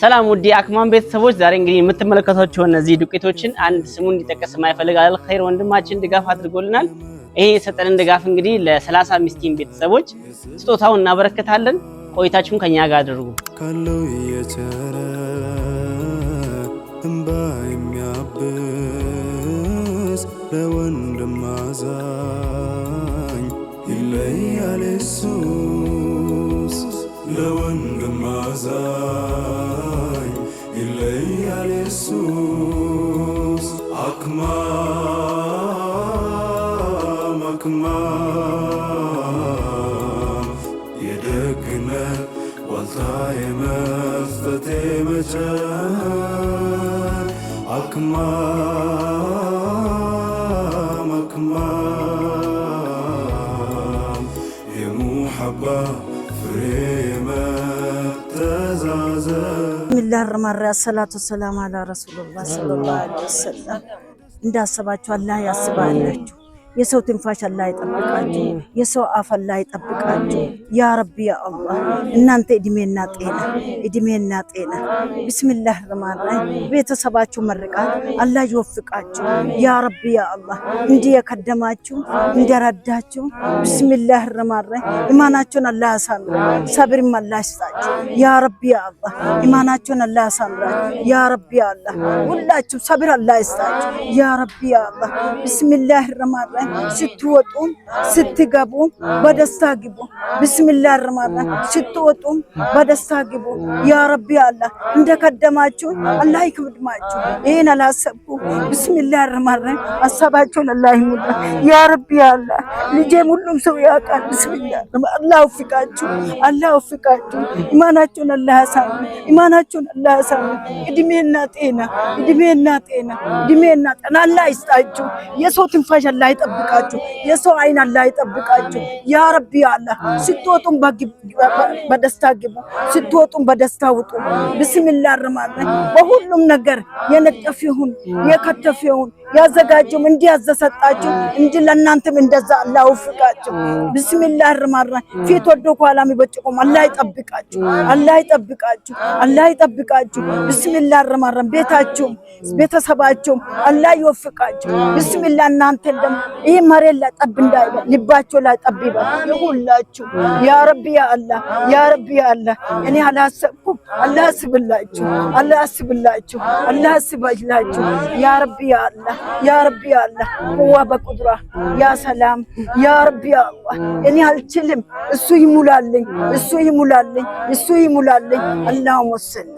ሰላም ውድ አክማን ቤተሰቦች፣ ዛሬ እንግዲህ የምትመለከቷቸው እነዚህ ዱቄቶችን አንድ ስሙ እንዲጠቀስ የማይፈልግ አል ኸይር ወንድማችን ድጋፍ አድርጎልናል። ይሄ የሰጠንን ድጋፍ እንግዲህ ለ30 ሚስኪን ቤተሰቦች ስጦታውን እናበረከታለን። ቆይታችሁን ከኛ ጋር አድርጉ። ካለው እየቸረ እምባ የሚያብስ ለወንድም ይለያል ኢየሱስ ለወንድም ya Resus Akmam, akmam የደግነት ዋልታ የመስጠቴ መቻል አክማም ብስሚላህ ረህማን ሰላቱ ሰላም አላ ረሱሉላህ ሰለላሁ ዐለይሂ ወሰለም። እንዳሰባችሁ አላህ ያስባላችሁ። የሰው ትንፋሽ አላ ይጠብቃችሁ፣ የሰው አፍ አላ ይጠብቃችሁ። ያ ረቢ ያ አላህ እናንተ እድሜና ጤና እድሜና ጤና ቢስሚላህ ረማን ረሂም ቤተሰባችሁ መርቃት አላ ይወፍቃችሁ። ያ ረቢ ያ አላህ እንዲ የከደማችሁ እንደረዳችሁ ቢስሚላህ ረማን ረሂም ኢማናችሁን አላ ያሳምራ፣ ሰብርም አላ ይስጣችሁ። ያ ረቢ ያ አላህ ኢማናችሁን አላ ያሳምራ። ያ ረቢ ያ አላህ ሁላችሁ ሰብር አላ ይስጣችሁ። ያ ረቢ ያ አላህ ቢስሚላህ ረማን ረሂም ስትወጡም ስትገቡም በደስታ ግቡ። ብስሚላህ ረማዳን ስትወጡም በደስታ ግቡ። ያ ረቢ አላ እንደ እንደከደማችሁን አላህ ይክብድማችሁ። ይህን አላሰብኩ። ብስሚላህ ረማዳን አሳባቸው ለላህ ሙላ። ያ ረቢ አላ ልጄም ሁሉም ሰው ያውቃል። ብስሚላህ አላህ ወፍቃችሁ፣ አላህ ወፍቃችሁ። ኢማናችሁን አላህ ያሳም፣ ኢማናችሁን አላህ ያሳም። እድሜና ጤና፣ እድሜና ጤና፣ እድሜና ጤና አላህ ይስጣችሁ። የሰው ትንፋሽ አላህ ይጠብ ይጠብቃችሁ። የሰው አይን አላህ ይጠብቃችሁ። ያ ረቢ አላህ ስትወጡም በደስታ ግቡ፣ ስትወጡም በደስታ ውጡ። ብስሚላ ረማን በሁሉም ነገር የነጠፍ ይሁን የከተፍ ይሁን ያዘጋጁም እንዲህ ያዘሰጣችሁ እንጂ ለእናንተም እንደዛ አላህ ይወፍቃችሁ። ቢስሚላህ ርማራ ፊት ወዶ ኋላ የሚበጭቆም አላህ ይጠብቃችሁ፣ አላህ ይጠብቃችሁ፣ አላህ ይጠብቃችሁ። ቢስሚላህ ርማራ ቤታችሁም ቤተሰባችሁም አላህ ይወፍቃችሁ። ቢስሚላህ እናንተ ደግሞ ይህ መሬት ላይ ጠብ እንዳይበል ልባችሁ ላይ ጠብ ይበል ይሁላችሁ። ያ ረቢ ያ አላህ ያ ረቢ ያ አላህ እኔ አላሰብ አላልኩም። አላህ አስብላችሁ፣ አላህ አስብላችሁ፣ አላህ አስብላችሁ። ያ ረቢ ያ አላህ፣ ያ ረቢ ያ አላህ፣ ቁዋ በቁድራ ያ ሰላም ያ ረቢ ያ አላህ። እኔ አልችልም፣ እሱ ይሙላልኝ፣ እሱ ይሙላልኝ፣ እሱ ይሙላልኝ። አላሁም ወሰል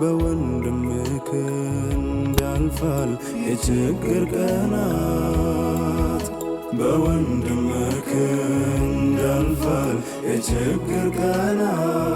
በወንድምክ ያልፋል የችግር ቀናት በወንድምህ ክንድ ያልፋል የችግር ቀናት